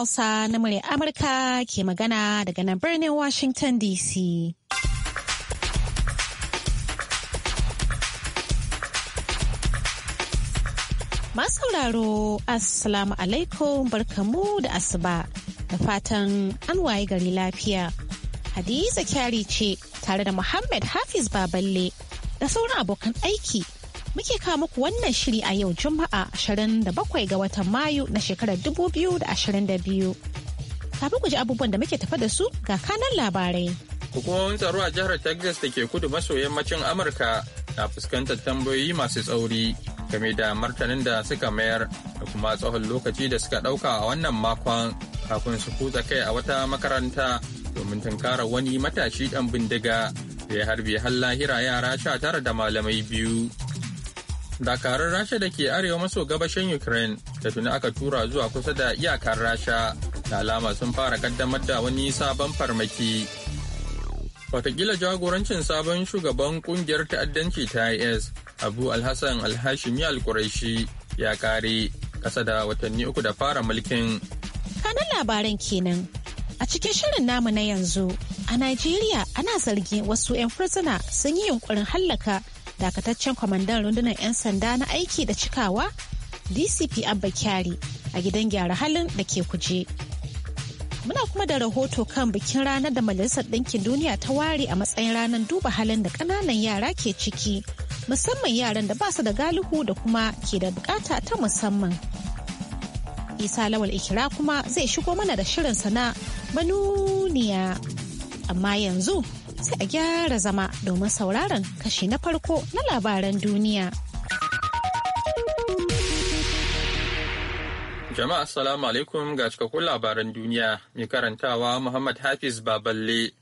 Hausa na murya Amurka ke magana daga nan birnin Washington DC. sauraro Assalamu alaikum barkamu da asuba da fatan an waye gari lafiya. Hadiza kyari ce tare da Muhammad Hafiz Baballe da sauran abokan aiki muke kawo muku wannan shiri a yau Juma'a 27 ga watan Mayu na shekarar 2022. Kafin ku ji abubuwan da muke tafa da su ga kanan labarai. Hukumomin tsaro a jihar Texas da ke kudu maso yammacin Amurka na fuskantar tambayoyi masu tsauri game da martanin da suka mayar da kuma tsawon lokaci da suka dauka a wannan makon kafin su kutsa kai a wata makaranta domin tunkarar wani matashi ɗan bindiga da ya harbi har lahira yara sha tara da malamai biyu. dakarun rasha da ke arewa maso gabashin ukraine da tuni aka tura zuwa kusa da iyakar rasha da alama sun fara kaddamar da wani sabon farmaki watakila jagorancin sabon shugaban kungiyar ta'addanci ta is abu alhassan alhashimi alkuraishi ya kare kasa da watanni uku da fara mulkin kanan labaran kenan a cikin shirin namu na yanzu a najeriya ana zargin wasu 'yan fursuna sun yi yunkurin hallaka dakataccen kwamandan rundunar 'yan sanda na aiki da cikawa dcp abba kyari a gidan gyara halin da ke kuje muna kuma da rahoto kan bikin ranar da majalisar ɗinkin duniya ta ware a matsayin ranar duba halin da ƙananan yara ke ciki musamman yaran da ba su da galihu da kuma ke da bukata ta musamman isa lawal ikira kuma zai shigo mana da shirin sana manuniya amma yanzu sai a gyara zama domin sauraron kashi na farko na labaran duniya. Jama'a Assalamu alaikum ga cikakkun labaran duniya mai karantawa Muhammad Hafiz Baballe.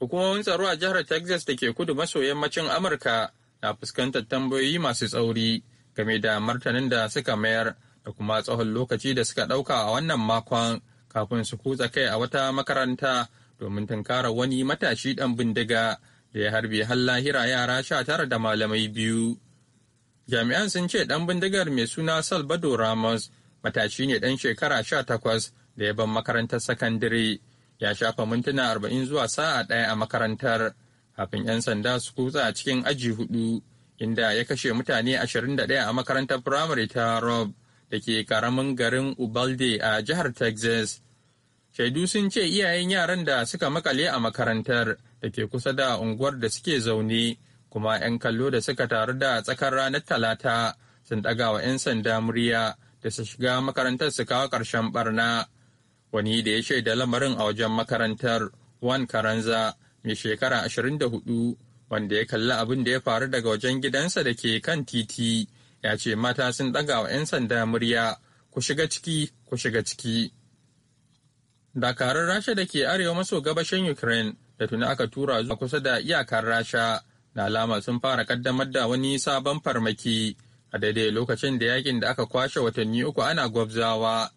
Hukumomin tsaro a jihar Texas da ke kudu maso yammacin Amurka na fuskantar tambayoyi masu tsauri game da martanin da suka mayar da kuma tsawon lokaci da suka ɗauka a wannan makon kafin su kutsa kai a wata makaranta domin tunkara wani matashi ɗan bindiga da ya harbe har lahira yara sha tara da malamai biyu. Jami'an sun ce ɗan bindigar mai suna Salvador Ramos matashi ne ɗan shekara sha takwas da ya ban makarantar sakandare ya shafa mintuna arba'in zuwa sa'a ɗaya a makarantar kafin 'yan sanda su kutsa a cikin aji hudu inda ya kashe mutane ashirin da ɗaya a makarantar firamare ta Rob da ke karamin garin Ubalde a jihar Texas. shaidu sun ce iyayen yaran da suka makale a makarantar da ke kusa da unguwar da suke zaune kuma 'yan kallo da suka taru da tsakar ranar talata sun ɗaga wa 'yan sanda murya da su shiga makarantar su kawo karshen barna wani da ya shaida lamarin a wajen makarantar wan karanza mai shekara 24 wanda ya kalli abin da ya faru daga wajen gidansa da ke kan titi ya ce mata sun ɗaga wa 'yan sanda murya ku shiga ciki ku shiga ciki dakarun rasha da ke arewa maso gabashin ukraine da tuni aka tura zuwa kusa da iyakar rasha na alama sun fara kaddamar da wani sabon farmaki a daidai lokacin da yakin da aka kwashe watanni uku ana gwabzawa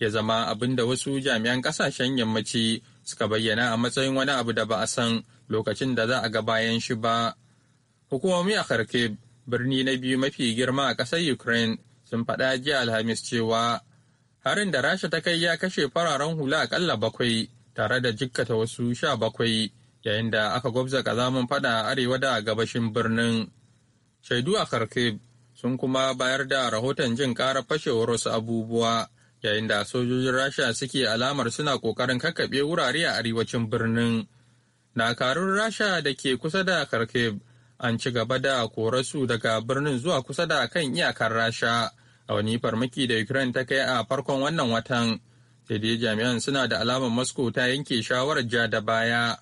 ya zama abin da wasu jami'an kasashen yammaci suka bayyana a matsayin wani abu da ba a san lokacin da za a ga bayan shi ba hukumomi a kharkiv birni na biyu mafi girma a ƙasar ukraine sun faɗa jiya alhamis cewa harin da rasha ta kai ya kashe fararen hula akalla bakwai tare da jikkata wasu sha bakwai yayin da aka gwabza kazamin fada a arewa da gabashin birnin shaidu a kharkiv sun kuma bayar da rahoton jin karar fashewar wasu abubuwa yayin da sojojin rasha suke alamar suna kokarin kakkaɓe wurare a arewacin birnin dakarun rasha da ke kusa da kharkiv an ci gaba da korasu daga birnin zuwa kusa da kan iyakar rasha a wani farmaki da Ukraine ta kai a farkon wannan watan, sai dai jami'an suna da alamar Moscow ta yanke shawarar ja da baya.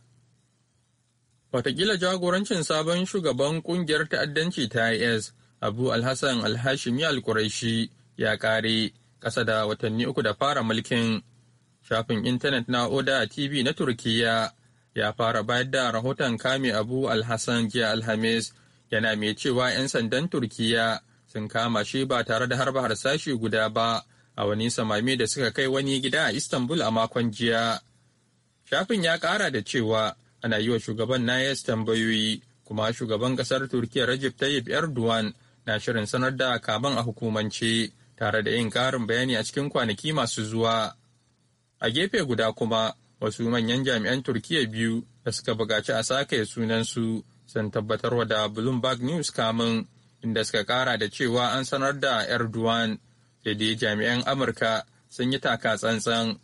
Watakila jagorancin sabon shugaban kungiyar ta'addanci ta IS, Abu Alhassan Alhashimi Alkuraishi ya kare ƙasa da watanni uku da fara mulkin. Shafin intanet na Oda TV na Turkiyya ya fara bayar da rahoton kame Abu Alhassan jiya Alhamis yana mai cewa 'yan sandan Turkiyya sun kama shi ba tare da harba harsashi guda ba a wani samami da suka kai wani gida a Istanbul a makon jiya. Shafin ya kara da cewa ana yi wa shugaban Nayes tambayoyi kuma shugaban kasar Turkiyya Recep Tayyip Erdogan na shirin sanar da kaban a hukumance tare da yin karin bayani a cikin kwanaki masu zuwa. A gefe guda kuma wasu manyan jami'an Turkiyya biyu da suka bugaci a sake sunansu sun tabbatarwa da Bloomberg News kamun inda suka kara da cewa an sanar da Erdogan da dai jami'an Amurka sun yi taka tsantsan.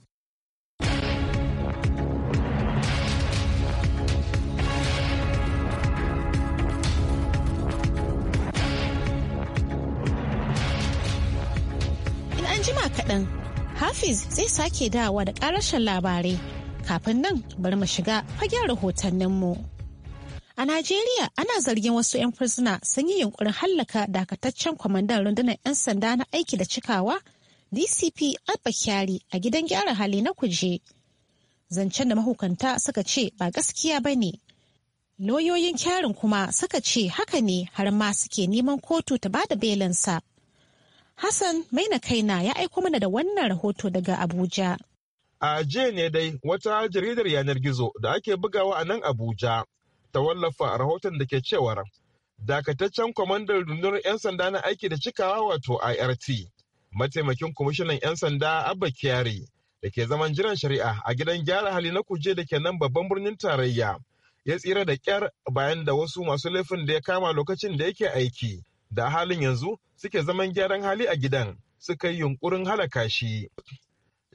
In an kaɗan, Hafiz zai sake dawa da ƙarashin labarai. Kafin nan bari mu shiga fagen rahotanninmu. mu. A Najeriya ana zargin wasu 'yan fursuna sun yi yunkurin hallaka dakataccen kwamandan rundunar 'yan sanda na aiki da cikawa DCP Alba Kyari a gidan gyara hali na kuje. Zancen da mahukanta suka ce ba gaskiya ba ne. Loyoyin kyarin kuma suka ce haka ne har ma suke neman kotu ta bada belinsa. Hassan maina na ya aiko mana da wannan rahoto daga Abuja. A jiya ne dai wata jaridar yanar gizo da ake bugawa a nan Abuja ta wallafa a rahoton da ke cewar dakataccen kwamandan rundunar 'yan sanda na aiki da cikawa wato irt mataimakin kwamishinan 'yan sanda abba kyari da ke zaman jiran shari'a a gidan gyara hali na kuje da ke nan babban birnin tarayya ya tsira da kyar bayan da wasu masu laifin da ya kama lokacin da yake aiki da halin yanzu suke zaman gyaran hali a gidan suka yi yunkurin halaka shi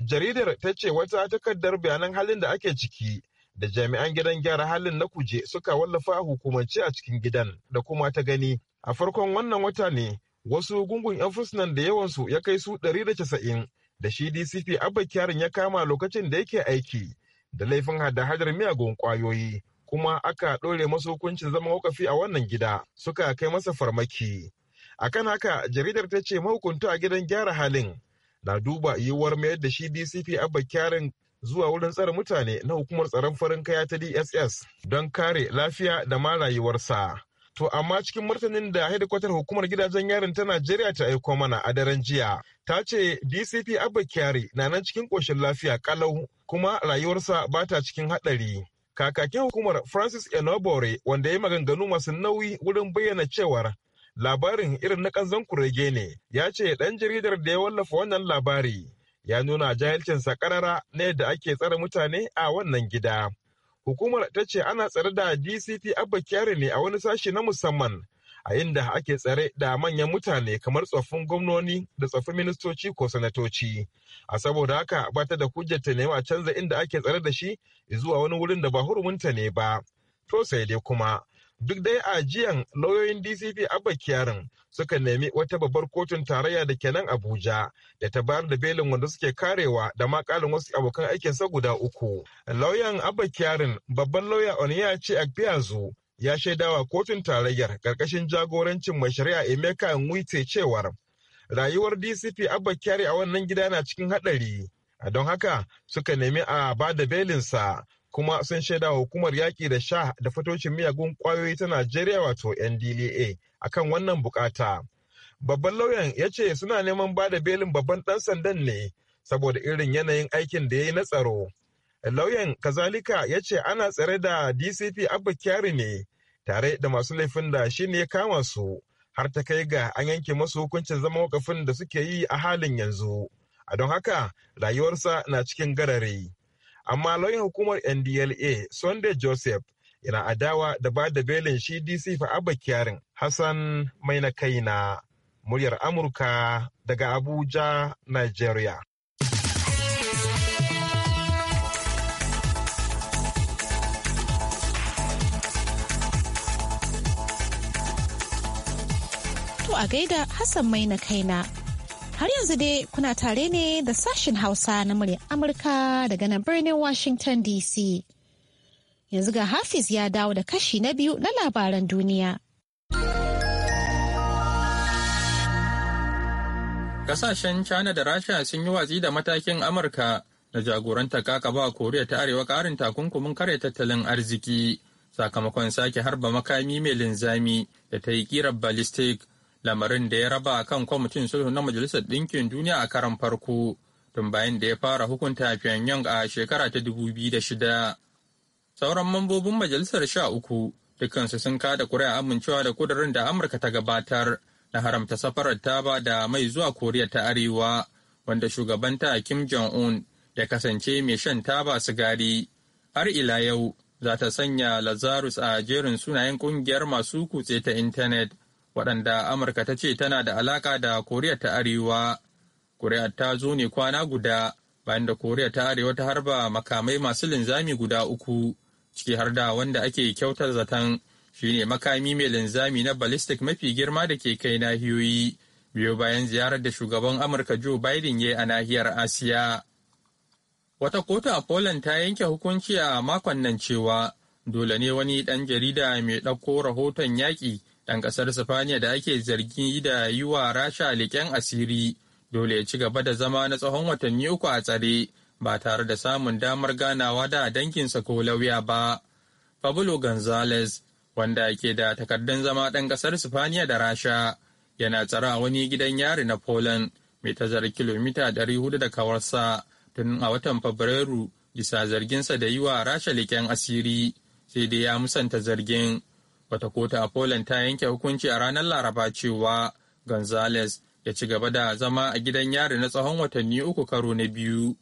jaridar ta ce wata takardar bayanan halin da ake ciki da jami'an gidan gyara halin na kuje suka wallafa a hukumance a cikin gidan da kuma ta gani a farkon wannan wata ne wasu gungun 'yan fursunan da yawansu ya kai su ɗari da casa'in. shi dcp abba kyarin ya kama lokacin da yake aiki da laifin hada-hadar miyagun kwayoyi kuma aka ɗore masu hukuncin zama wakafi a wannan gida suka kai masa farmaki akan haka jaridar ta ce mahukunta a gidan gyara halin na duba yiwuwar mayar da shi dcp abba kyarin zuwa wurin tsare mutane na hukumar tsaron farin kaya ta DSS don kare lafiya da ma rayuwarsa. To amma cikin martanin da hedikwatar hukumar gidajen yarin ta Najeriya ta aiko mana a daren jiya, ta ce DCP Abba Kyari na nan cikin ƙoshin lafiya kalau kuma rayuwarsa ba ta cikin haɗari. Kakakin hukumar Francis Enobore wanda ya maganganu masu nauyi wurin bayyana cewar labarin irin na ƙanzon kurege ne, ya ce ɗan jaridar da ya wallafa wannan labari ya nuna jahilcinsa karara na yadda ake tsare mutane a wannan gida. Hukumar ta ce ana tsare da DCP Abba Kyari ne a wani sashi na musamman a inda ake tsare da manyan mutane kamar tsoffin gwamnoni da tsoffin ministoci ko sanatoci. A saboda haka ba ta da hujjar ta nema canza inda ake tsare da shi zuwa wani wurin da ba hurumunta ne ba. To sai dai kuma duk dai a jiyan lauyoyin dcp abba kiyarin suka nemi wata babbar kotun tarayya da ke nan abuja da ta bayar da belin wanda suke karewa da ma kalin wasu abokan aikinsa guda uku lauyan abba kiyarin babban lauya oniya ce akbiyazu ya shaidawa kotun tarayyar karkashin jagorancin mai shari'a emeka nwite cewar rayuwar dcp abba kyari a wannan gida na cikin haɗari don haka suka nemi a ba da belinsa kuma sun shaida hukumar yaƙi da sha da fatocin miyagun ƙwayoyi ta Najeriya wato NDLA akan wannan bukata. Babban lauyan ya ce suna neman ba da belin babban ɗan sandan ne saboda irin yanayin aikin da ya yi na tsaro. Lauyan kazalika ya ce ana tsare da DCP Abba Kyari ne tare da masu laifin da shi ne kama su har ta kai ga an yanke masu hukuncin zama wakafin da suke yi a halin yanzu. A don haka rayuwarsa na cikin garare. amma lauyin hukumar ndla sunday joseph yana adawa da ba da belin shi dc fa'aba kyarin hassan mai na kaina muryar amurka daga abuja nigeria To a gaida Hassan mai na kaina Har yanzu dai kuna tare ne da sashen Hausa na muryar Amurka daga nan birnin Washington DC. Yanzu ga Hafiz ya dawo da kashi na biyu na labaran duniya. Kasashen China da Rasha sun yi watsi da matakin Amurka da jagoranta kakaba a Koriya ta Arewa karin takunkumin kare tattalin arziki sakamakon sake harba makami mai linzami da ta yi kirar ballistic lamarin da ya raba kan kwamitin sulhu na majalisar ɗinkin duniya a karan farko tun bayan da ya fara hukunta pyongyang a shekara ta 2006 sauran mambobin majalisar sha uku dukansu sun kada kuri'a amincewa da kudurin da amurka ta gabatar na haramta safarar taba da mai zuwa koriya ta arewa wanda shugabanta kim jong-un ya kasance mai shan taba sigari har ila yau za ta sanya lazarus a jerin sunayen kungiyar masu kutse ta intanet waɗanda Amurka ta ce tana da alaƙa da Koriya ta Arewa. Koriya ta zo ne kwana guda bayan da Koriya ta Arewa ta harba makamai masu linzami guda uku, ciki har da wanda ake kyautar zaton shi ne makami mai linzami na ballistic mafi girma da ke kai nahiyoyi, biyu bayan ziyarar da shugaban Amurka Joe Biden ya a nahiyar Asiya. Wata kotu a Poland ta yanke hukunci a makon nan cewa dole ne wani ɗan jarida mai ɗauko rahoton yaƙi ɗan ƙasar Sifaniya da ake zargi da yi wa Rasha leƙen asiri dole ya ci gaba da zama na tsawon watanni uku a tsare ba tare da samun damar ganawa da danginsa ko lauya ba. Pablo Gonzalez, wanda ke da takardun zama ɗan ƙasar Sifaniya da Rasha, yana tsara wani gidan yari na Poland mai tazarar kilomita hudu da kawarsa tun a watan Fabrairu bisa zarginsa da yi wa Rasha leƙen asiri, sai dai ya musanta zargin. Wata kota a Poland ta yanke hukunci a ranar Laraba cewa Gonzales ya ci gaba da zama a gidan yari na tsawon watanni uku karo na biyu.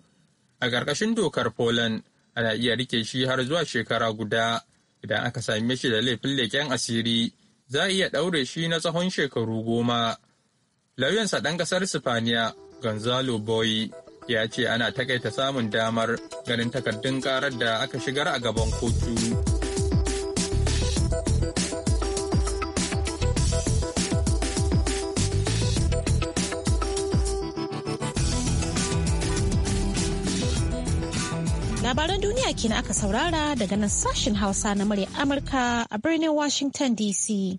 A ƙarƙashin dokar Poland ana iya rike shi har zuwa shekara guda idan aka same shi da laifin leƙen asiri za a iya ɗaure shi na tsawon shekaru goma. Lauyansa ɗan ƙasar Sifaniya Gonzalo Boy ya ce ana takaita samun damar ganin takardun ƙarar da aka shigar a gaban kotu. Labaran duniya kenan aka saurara daga nan sashen Hausa na murya Amurka a birnin Washington DC.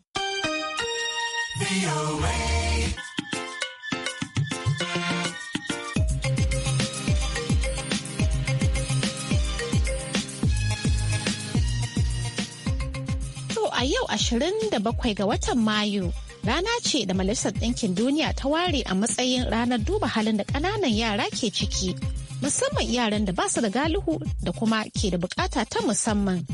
a yau ashirin da bakwai ga watan Mayu rana ce da Majalisar Ɗinkin Duniya ta ware a matsayin ranar duba halin da ƙananan yara ke ciki musamman yaran da ba su da galihu da kuma ke da bukata ta musamman.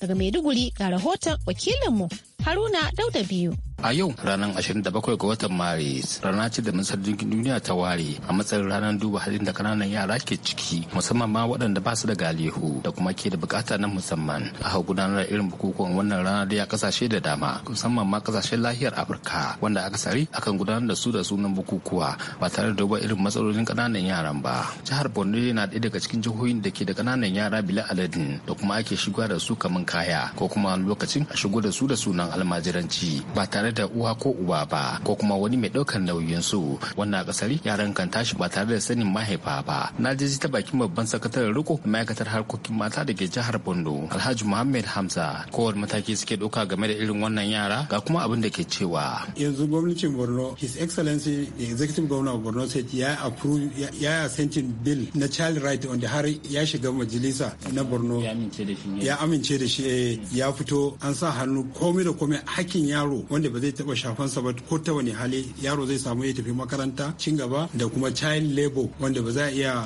Daga Maiduguri ga rahoton wakilinmu Haruna Dauda biyu. A yau ranar 27 ga watan Maris rana ce da Masar Jirgin Duniya ta ware a matsayin ranar duba halin da kananan yara ke ciki musamman ma waɗanda ba su da galihu da kuma ke da bukata na musamman. a hau gudanar da irin bukukuwan wannan rana da ya kasashe da dama musamman ma kasashen lahiyar Afirka wanda aka sari akan gudanar da su da sunan bukukuwa ba tare da duba irin matsalolin kananan yaran ba. Jihar Borno na ɗaya daga cikin jihohin da ke da kananan yara bila aladin da kuma ake shiga da su kamar kaya ko kuma lokacin a shigo da su da sunan almajiranci ba tare tare da uwa ko uba ba ko kuma wani mai ɗaukar nauyin su wannan kasari yaran kan tashi ba tare da sanin mahaifa ba na ji ta bakin babban sakataren riko ma'aikatar harkokin mata da ke jihar Bondo Alhaji Muhammad Hamza kowar mataki suke ɗauka game da irin wannan yara ga kuma abin da ke cewa yanzu gwamnatin Borno His Excellency the Executive Governor of Borno State ya approve ya sentin bill na child right the har ya shiga majalisa na Borno ya amince da shi eh, ya fito an sa hannu komai da komai hakkin yaro wanda ba ba zai taɓa shafansa ba ko ta wani hali yaro zai samu ya tafi makaranta cin gaba da kuma child labor wanda ba za a iya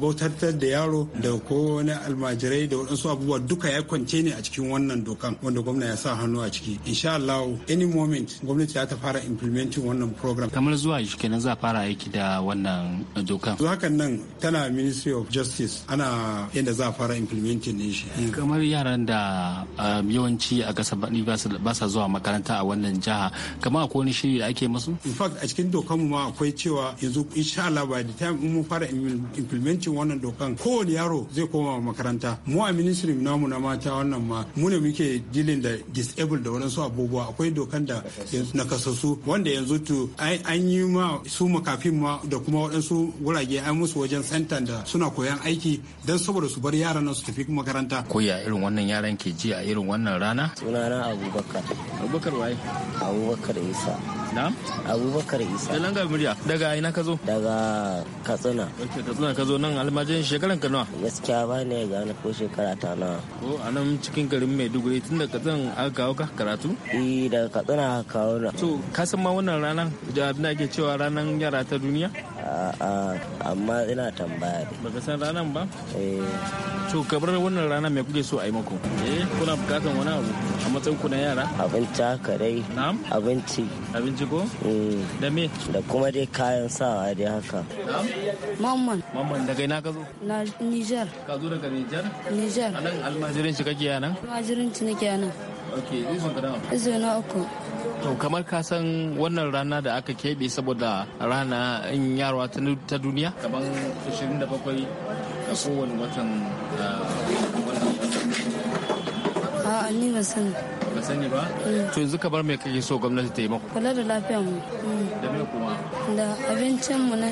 bautar da yaro da ko wani almajirai da waɗansu abubuwa duka ya kwance ne a cikin wannan dokan wanda gwamna ya sa hannu a ciki insha Allah any moment gwamnati za ta fara implementing wannan program kamar zuwa shi kenan za fara aiki da wannan dokan hakan nan tana ministry of justice ana yadda za a fara implementing ne shi kamar yaran da um, yawanci a kasa ba sa zuwa makaranta a wannan jiha kamar akwai wani shiri da ake masu in fact a cikin dokanmu ma akwai cewa yanzu insha Allah by the time mun fara implementing wannan dokan kowane yaro zai koma makaranta mu a ministry namu na mata wannan ma mu ne muke dealing da disabled da wadansu abubuwa akwai dokan da na kasasu wanda yanzu to an yi ma su makafin ma da kuma wadansu wurage an musu wajen center da suna koyan aiki don saboda su bar yaran su tafi makaranta koya irin wannan yaran ke ji a irin wannan rana sunana abubakar abubakar waye abubakar isa na abubakar isa da langar murya daga ina ka zo daga katsina ok katsina ka zo nan almajin shekaran ka nawa gaskiya ba ne ga na ko shekara ta nawa ko a nan cikin garin maiduguri tun da katsina aka kawo ka karatu eh daga katsina aka kawo na to ka san ma wannan rana da abin da ake cewa ranar yara ta duniya a'a amma ina tambaya ne baka san ranar ba eh to kabar wannan rana mai kuke so a yi mako eh kuna bukatan wani abu a matsayin ku na yara abin cuta karai abinci abinci ko eh. da me da kuma dai kayan sawa dai haka mamman mamman daga ina ka zo na nijar ka zo daga nijar nijar anan shi kake yana almajiranci nake yana ok izo ka nawa izo na uku To kamar ka san wannan rana da aka kebe saboda rana in yarwa ta duniya? kaman 27 ga kowane watan ah, wannan. A'a ni ba sani. sani ba to yanzu bar mai kake so gwamnati ta yi maku kula da lafiyar mu mm. da me kuma da abincin mu na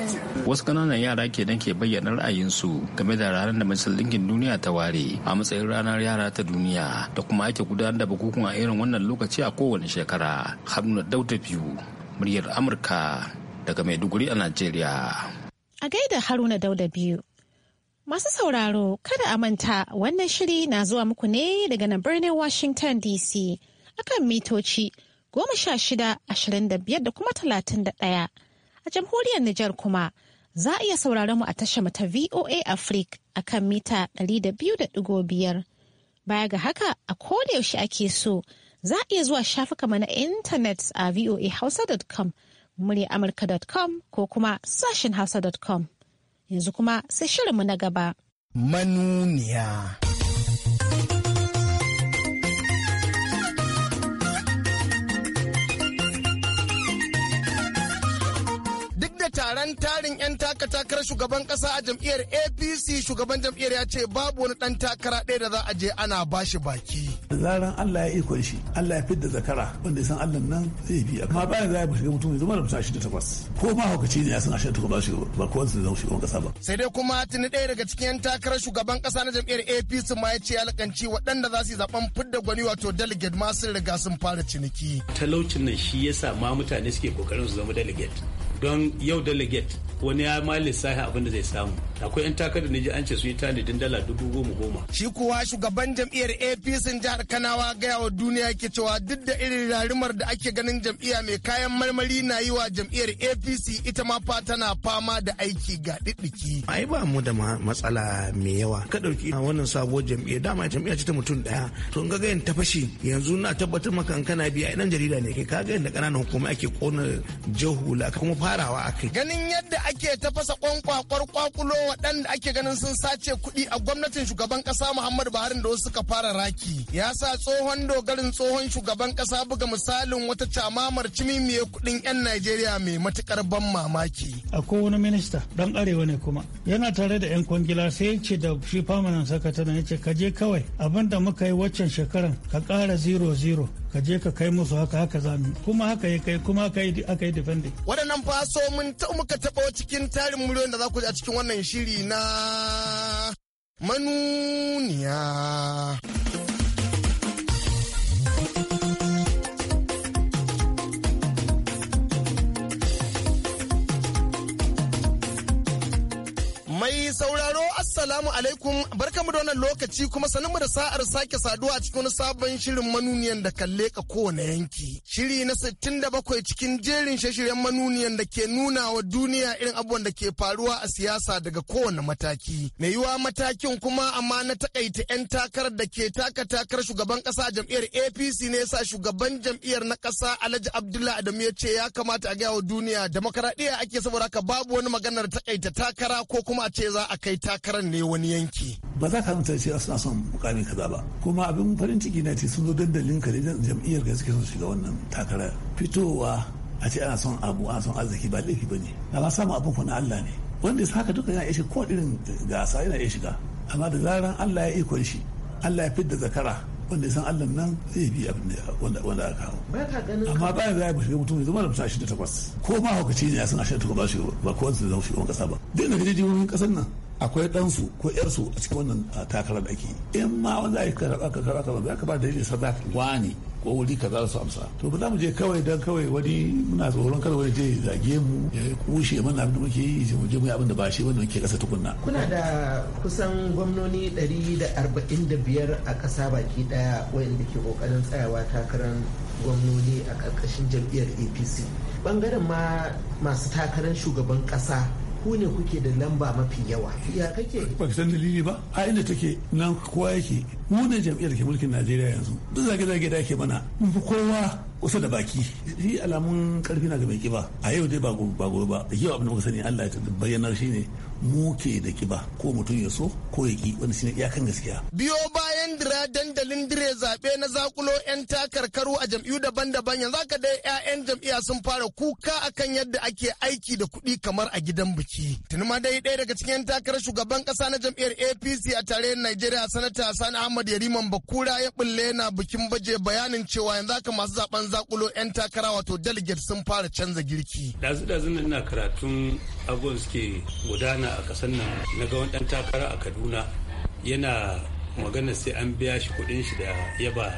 wasu kananan yara ke dan ke bayyana ra'ayinsu game da ranar da majalisar Dinkin duniya ta ware a matsayin ranar yara ta duniya da kuma ake gudanar da a irin wannan lokaci a kowane shekara haruna dauda biyu muryar amurka daga maiduguri a najeriya a gaida haruna dauda biyu Masu sauraro kada a manta wannan shiri na zuwa muku ne daga nan birnin Washington DC akan mitoci goma sha shida ashirin da biyar da kuma talatin da ɗaya. A jamhuriyar Nijar kuma za a iya sauraron mu a tashar mata VOA Africa akan mita ɗari da biyu da ɗigo biyar. Baya ga haka a koda yaushe ake so za a iya zuwa shafuka na intanet a voahausa.com, murya amurka.com ko kuma sashen hausa.com. yanzu kuma sai shirinmu na gaba. Manuniya. taron tarin 'yan taka takarar shugaban kasa a jam'iyyar apc shugaban jam'iyyar ya ce babu wani dan takara ɗaya da za a je ana bashi baki zaran allah ya ikon shi allah ya fidda zakara wanda ya san allah nan zai biya amma bayan za a shiga mutum ya zama da mutum ashirin da takwas ko ma haukaci ne ya san ashirin da takwas ba ba kowa zai zama shugaban kasa ba sai dai kuma tuni ɗaya daga cikin 'yan takarar shugaban kasa na jam'iyyar apc ma ya ce ya alƙanci waɗanda za su yi zaben fidda gwani wato delegate ma sun riga sun fara ciniki talaucin nan shi ya sa ma mutane suke kokarin su zama delegate don yau delegate wani ya ma lissafi abin da zai samu akwai 'yan takarda na ji an ce sun yi tanadin dala dubu goma goma. shi kuwa shugaban jam'iyyar apc jihar kanawa gaya wa duniya ke cewa duk da irin rarumar da ake ganin jam'iyya mai kayan marmari na yi wa jam'iyyar apc ita ma fa tana fama da aiki ga ɗiɗɗiki. ai ba mu da matsala mai yawa ka ɗauki wannan sabuwar jam'iyyar dama jam'iyya ce ta mutum ɗaya to in ga ta fashi yanzu na tabbatar maka in kana biya ɗan jarida ne kai ka ga yadda ƙananan hukuma ake ƙona jahula kuma farawa a kai ganin yadda ake tafasa kwankwakwar kwakulo waɗanda ake ganin sun sace kuɗi a gwamnatin shugaban ƙasa muhammadu buhari da wasu suka fara raki ya sa tsohon dogarin tsohon shugaban ƙasa buga misalin wata camamar cimimiyar kuɗin 'yan najeriya mai matuƙar ban mamaki akwai wani minista dan arewa ne kuma yana tare da 'yan kwangila sai ce da shi famanan sakataren ya ce ka je kawai abinda muka yi waccan shekaran ka ƙara zero zero ka je ka kai musu haka haka zami kuma haka ya kai kuma haka aka yi defending waɗannan faso mun ta muka taɓa cikin tarin miliyon da za ku a cikin wannan shiri na manuniya mai sauraro Assalamu alaikum barkamu da wannan lokaci kuma mu da sa'ar sake saduwa a cikin wani sabon shirin manuniyan da kalle ka kowane yanki. Shiri na da 67 cikin jerin shirye-shiryen manuniyan da ke nuna wa duniya irin abubuwan da ke faruwa a siyasa daga kowane mataki. Mai yiwa matakin kuma amma na takaita 'yan takarar da ke taka takarar shugaban kasa jam'iyyar APC ne yasa shugaban jam'iyyar na kasa Alhaji Abdullahi Adamu ya ce ya kamata a gaya wa duniya demokaradiyya ake saboda haka babu wani maganar takaita takara ko kuma a ce za a kai takarar ne ne wani yanki. Ba za ka mutu ce suna son mukamin kaza ba. Kuma abin farin ciki na ce sun zo dandalin ka jam'iyyar ka suke son shiga wannan takarar. Fitowa a ce ana son abu ana son arziki ba laifi ba ne. ba samun abin kuna Allah ne. Wanda ya haka duka yana iya shiga ko irin gasa yana iya shiga. Amma da zaran Allah ya ikon shi Allah ya fidda zakara wanda san Allah nan zai bi abin da wanda aka kawo amma ba ya ba shi mutum zama da mutum takwas ko ma hukaci ne ya san ashirin da takwas ba ko wanda zama shugaban kasa ba duk da kaje wani kasar nan akwai ɗansu ko ƴarsu a cikin wannan takarar da ake in ma wanda aka karɓa ka karɓa ka ba ka ba da za sadaka wani ko wuri kaza za su amsa to ba za mu je kawai dan kawai wani muna tsoron kada wani je zage mu ya kushe mana abin da muke yi mu je mu yi abin da ba shi wanda muke kasa tukunna kuna da kusan gwamnoni ɗari da da arba'in biyar a ƙasa baki daya wayanda ke kokarin tsayawa takarar gwamnoni a karkashin jam'iyyar APC bangaren ma masu takarar shugaban ƙasa. ku ne kuke da lamba mafi yawa ya kake ba ka san ba a inda take nan kowa yake mu ne jam'iyyar ke mulkin najeriya yanzu duk zage-zage da ake mana mun fi kowa kusa da baki shi alamun karfi na ga mai kiba a yau dai ba gobe ba da yau abin da muka sani allah ya bayyanar shi ne mu ke da kiba ko mutum ya so ko ya ki wani shine iyakan gaskiya biyo bayan dira dandalin dire zaɓe na zakulo 'yan takarkaru a jam'iyu daban-daban yanzu aka dai 'ya'yan jam'iyya sun fara kuka akan yadda ake aiki da kuɗi kamar a gidan biki tuni ma dai ɗaya daga cikin takarar shugaban ƙasa na jam'iyyar apc a tare najeriya sanata sani ahmad yariman bakura ya bulle na bikin baje bayanin cewa yanzu aka masu zaben zakulo 'yan takara wato delegate sun fara canza girki dazu-dazu ina karatun abubuwan suke gudana magana a kasar nan na ga wani ɗan takara a kaduna yana magana sai an biya shi kuɗin shi da yaba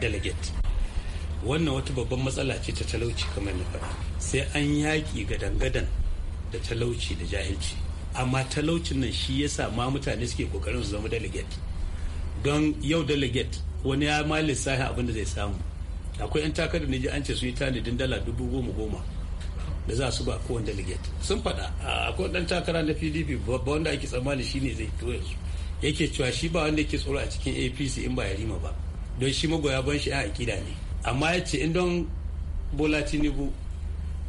delegate wannan wata babban matsala ce ta talauci kamar na faɗa sai an yaƙi gadan-gadan da talauci da jahilci amma talaucin nan shi ya sa ma mutane suke kokarin su zama delegate don yau delegate wani ya ma lissafin abin da zai samu akwai 'yan takarar da ji an ce su yi tanadin dala dubu goma goma da za su ba kowane delegate sun faɗa akwai dan takara na pdp babba wanda ake tsammani shine zai tura su yake cewa shi ba wanda yake tsoro a cikin apc in ba ya rima ba don shi magoya ban shi a aƙida ne amma ya ce in don bola tinubu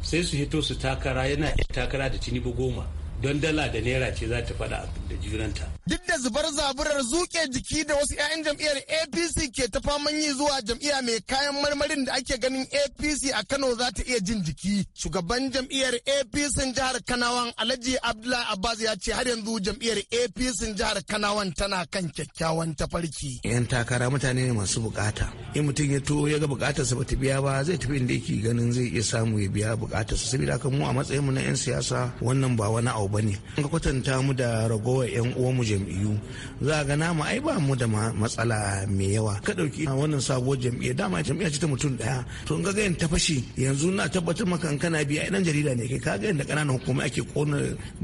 sai su hito su takara yana iya takara da tinubu goma don dala da naira ce za ta fada da junanta. Duk da zubar zaburar zuke jiki da wasu 'ya'yan jam'iyyar APC ke ta faman yi zuwa jam'iyya mai kayan marmarin da ake ganin APC a Kano za ta iya jin jiki. Shugaban jam'iyyar APC jihar Kanawan Alhaji Abdullahi Abbas ya ce har yanzu jam'iyyar APC jihar Kanawan tana kan kyakkyawan tafarki. 'Yan takara mutane ne masu bukata. In mutum ya to ya ga bukatarsa ba ta biya ba zai tafi inda yake ganin zai iya samu ya biya bukatarsa. Saboda kan mu a matsayinmu na 'yan siyasa wannan ba wani abu ba ne ka kwatanta mu da ragowar yan uwanmu jam'iyyu za ga namu ai ba mu da matsala mai yawa ka dauki wannan sabuwar jam'iyya dama jam'iyya ce ta mutum daya to in ga gayan ta fashi yanzu na tabbatar maka in kana biya idan jarida ne kai ka ga yanda kananan hukumai ake kona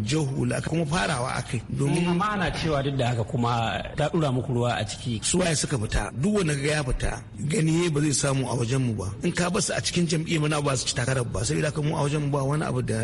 jahula kuma farawa kai domin amma ana cewa duk da haka kuma ta dura muku ruwa a ciki su waye suka fita duk wanda ga ya fita gani ba zai samu a wajen mu ba in ka basu a cikin jam'iyyar mana ba su ci takarar ba saboda kuma a wajen mu ba wani abu da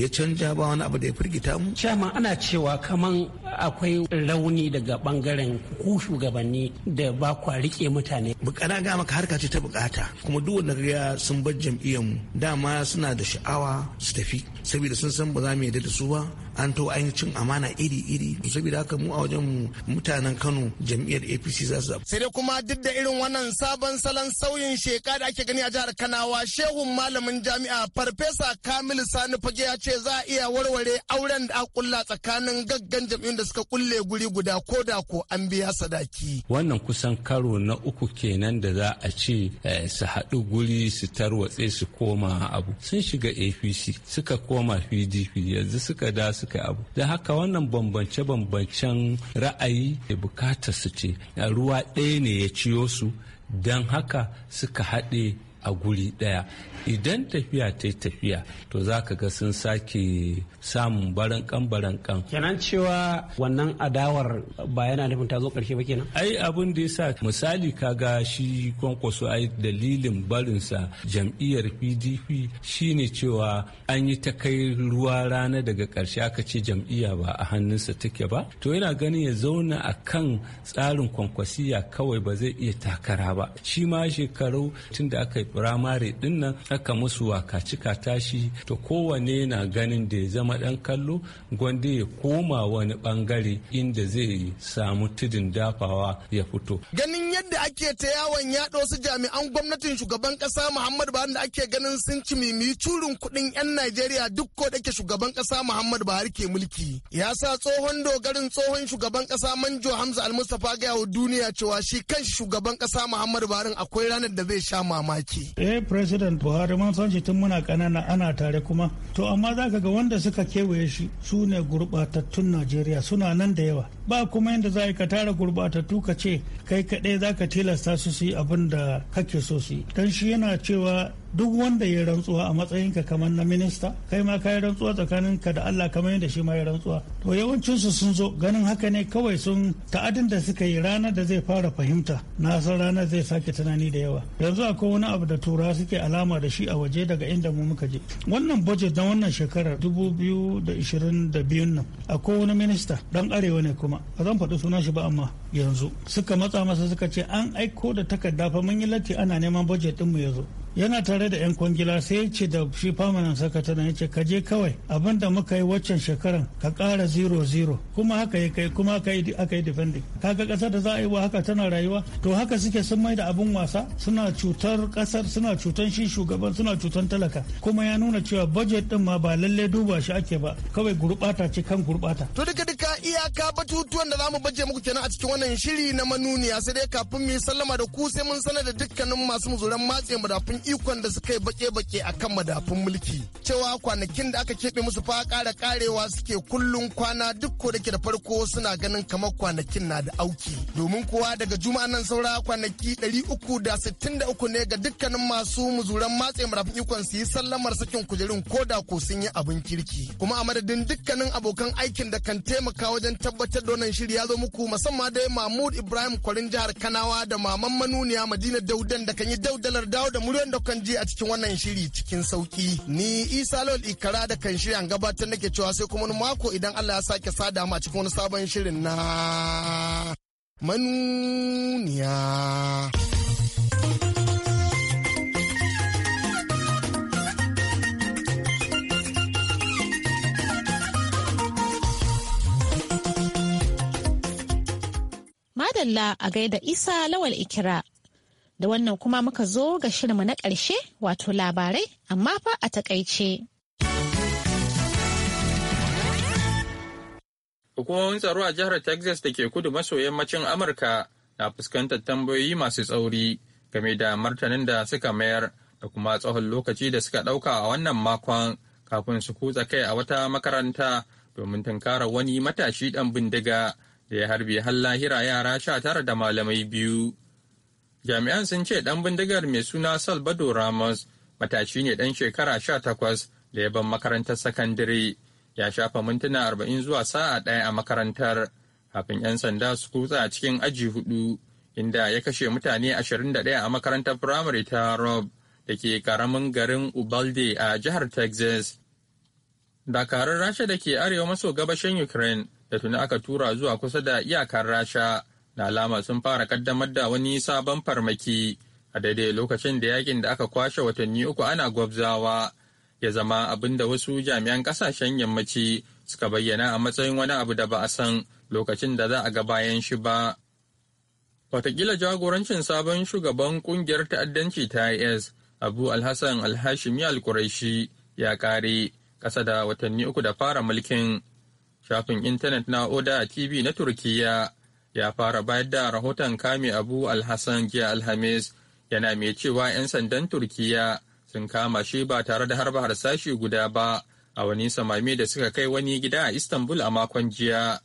ya canja ba wani abu da ya firge rikita mu shama ana cewa kaman akwai rauni daga bangaren ku shugabanni da ba kwa rike mutane bukana ga maka harka ce ta bukata kuma duk wanda ga sun bar jam'iyyar mu dama suna da sha'awa su tafi saboda sun san ba za mu yarda da su ba an to ainihin amana iri-iri saboda haka mu a wajen mutanen kano jam'iyyar apc za su sai dai kuma duk da irin wannan sabon salon sauyin sheka da ake gani a jihar kanawa shehun malamin jami'a farfesa kamilu sani fage ya ce za a iya warware auren da kulla tsakanin gaggan jam'iyyun da suka kulle guri guda ko da ko an biya sadaki wannan kusan karo na uku kenan da za a ce eh, su haɗu guri su tarwatse su koma abu sun shiga apc suka koma pdp yanzu suka da su abu da haka wannan bambance-bambancen ra'ayi da bukatar su ce ruwa ɗaya ne ya ciyo su don haka suka haɗe a guri ɗaya idan tafiya ta yi tafiya to za ka ga sun sake samun barankan barankan kenan cewa wannan adawar ba yana nufin ta zo karshe ba kenan ai abin da ya sa misali ka ga shi kwankwaso ai dalilin barinsa jam'iyyar pdp shine cewa an yi ta kai ruwa rana daga karshe aka ce jam'iyya ba a hannunsa take ba to yana ganin ya zauna a kan tsarin kwankwasiya kawai ba zai iya takara ba shi ma shekaru tun da aka firamare din aka musu waka cika tashi to kowane na ganin da ya zama dan kallo gwanda ya koma wani bangare inda zai samu tudun dafawa ya fito ganin yadda ake ta yawon yaɗo su jami'an gwamnatin shugaban kasa muhammadu buhari da ake ganin sun ci mimi curin kuɗin 'yan najeriya duk ko dake shugaban kasa muhammadu buhari ke mulki ya sa tsohon dogarin tsohon shugaban kasa manjo hamza almustapha gaya wa duniya cewa shi kanshi shugaban kasa muhammadu buhari akwai ranar da zai sha mamaki shi eh president buhari mun san shi tun muna kanana ana tare kuma to amma zaka ga wanda suka kewaye shi su ne gurbatattun najeriya suna nan da yawa ba kuma yadda za ka tara gurbatattu ka ce kai kaɗai za ka tilasta su su yi abin da kake so su yi don shi yana cewa duk wanda ya rantsuwa a matsayinka kamar na minista kai ma ka yi rantsuwa ka da Allah kamar yadda shi ma ya rantsuwa to yawancinsu sun zo ganin haka ne kawai sun ta'adin da suka yi ranar da zai fara fahimta na san ranar zai sake tunani da yawa yanzu akwai wani abu da tura suke alama da shi a waje daga inda mu muka je wannan budget na wannan shekarar biyun nan akwai wani minista dan arewa ne kuma ba zan faɗi suna shi ba amma yanzu suka matsa masa suka ce an aiko da takarda fa mun yi latti ana neman budget ɗinmu ya zo yana tare da 'yan kwangila sai ya ce da shi famanan sakataren ya ce ka je kawai abin da muka yi waccan shekaran ka kara 0-0 kuma haka ya kai kuma aka yi defending kaga kasar da za a yi wa haka tana rayuwa to haka suke sun mai da abin wasa suna cutar kasar suna cutar shi shugaban suna cutar talaka kuma ya nuna cewa budget din ma ba lalle duba shi ake ba kawai gurbata ce kan gurbata to duka duka iyaka batutuwan da zamu baje muku kenan a cikin wannan shiri na manuniya sai dai kafin mu yi sallama da ku sai mun sanar da dukkanin masu muzuran matse mu da ikon da suka yi bake-bake a kan madafun mulki cewa kwanakin da aka keɓe musu fa ƙara ƙarewa suke kullum kwana duk ko dake da farko suna ganin kamar kwanakin na da auki domin kuwa daga juma'a nan saura kwanaki uku da da sittin uku ne ga dukkanin masu muzuran matse madafin ikon su yi sallamar sakin kujerun ko da ko sun yi abin kirki kuma a madadin dukkanin abokan aikin da kan taimaka wajen tabbatar da wannan shiri ya zo muku musamman dai mahmud ibrahim kwarin jihar kanawa da maman manuniya madina daudan da kan yi daudalar dawo da muryar yadda kan ji a cikin wannan shiri cikin sauki ni isa lol ikara da kan shirya gabatar nake cewa sai kuma mako idan allah ya sake sada mu a cikin wani sabon shirin na manuniya Madalla a gaida Isa Lawal Ikira Da wannan kuma muka zo ga shirinmu na ƙarshe wato labarai amma fa a takaice. Hukumomin tsaro a jihar Texas da ke kudu maso yammacin Amurka na fuskantar tambayoyi masu tsauri game da martanin da suka mayar da kuma tsawon lokaci da suka ɗauka a wannan makon kafin su kutsa kai a wata makaranta domin tunkara wani matashi ɗan bindiga da ya harbi har lahira yara sha tara da malamai biyu. Jami'an sun ce dan bindigar mai suna Salvador Ramos matashi ne dan shekara sha takwas da ya ban makarantar sakandare. Ya shafa mintuna arba'in zuwa sa'a ɗaya a makarantar kafin 'yan sanda su kutsa a cikin aji hudu inda ya kashe mutane ashirin da ɗaya a makarantar firamare ta Rob da ke karamin garin Ubalde a jihar Texas. Dakarun Rasha da ke arewa maso gabashin Ukraine da tuni aka tura zuwa kusa da iyakar Rasha da alama sun fara kaddamar da wani sabon farmaki a daidai lokacin da yakin da aka kwashe watanni uku ana gwabzawa ya zama abin da wasu jami'an kasashen yammaci suka bayyana a matsayin wani abu da ba a san lokacin da za a ga bayan shi ba. Watakila jagorancin sabon shugaban kungiyar ta'addanci ta IS Abu Alhassan Alhashimi Alkuraishi ya kare ƙasa da watanni uku da fara mulkin. Shafin intanet na Oda TV na Turkiyya ya fara bayar da rahoton kame abu alhassan jiya alhamis yana mai cewa 'yan sandan turkiya sun kama shi ba tare da harba harsashi guda ba a wani samami da suka kai wani gida a istanbul a makon jiya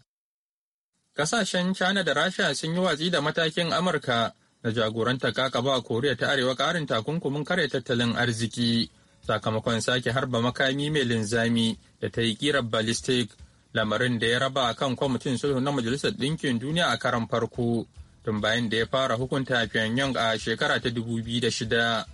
kasashen china da rasha sun yi watsi da matakin amurka na jagoranta kakaba a koriya ta arewa karin takunkumin kare tattalin arziki sakamakon sake harba makami mai linzami da ta yi kirar ballistic lamarin da ya raba kan kwamitin sulhu na majalisar ɗinkin duniya a karan farko tun bayan da ya fara hukunta pyongyang a shekara ta 2006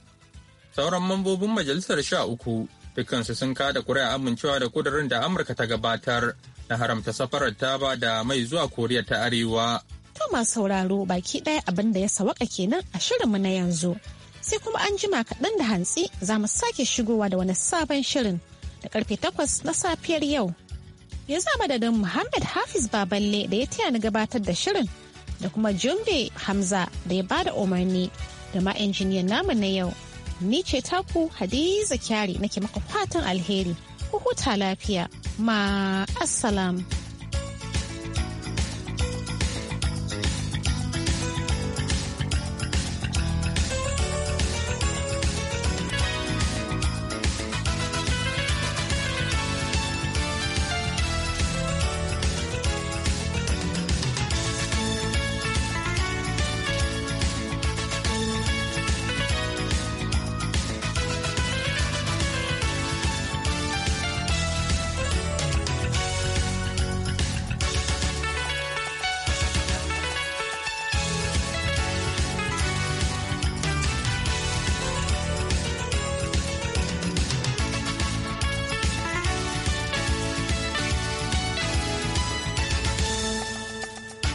sauran mambobin majalisar sha uku dukansu sun kada kuri'a amincewa da kudurin da amurka ta gabatar na haramta safarar ta ba da mai zuwa koriya ta arewa to masu sauraro baki ɗaya abin da ya sawaka kenan a shirin mu na yanzu sai kuma an jima kaɗan da hantsi za mu sake shigowa da wani sabon shirin da karfe takwas na safiyar yau ya sa madadin Muhammad Hafiz Baballe da ya tiya ni gabatar da shirin da kuma Jumbe Hamza da ya bada umarni da ma injiniyan namu na yau. Ni ce taku Hadiza Kyari nake maka fatan alheri, ku huta lafiya, ma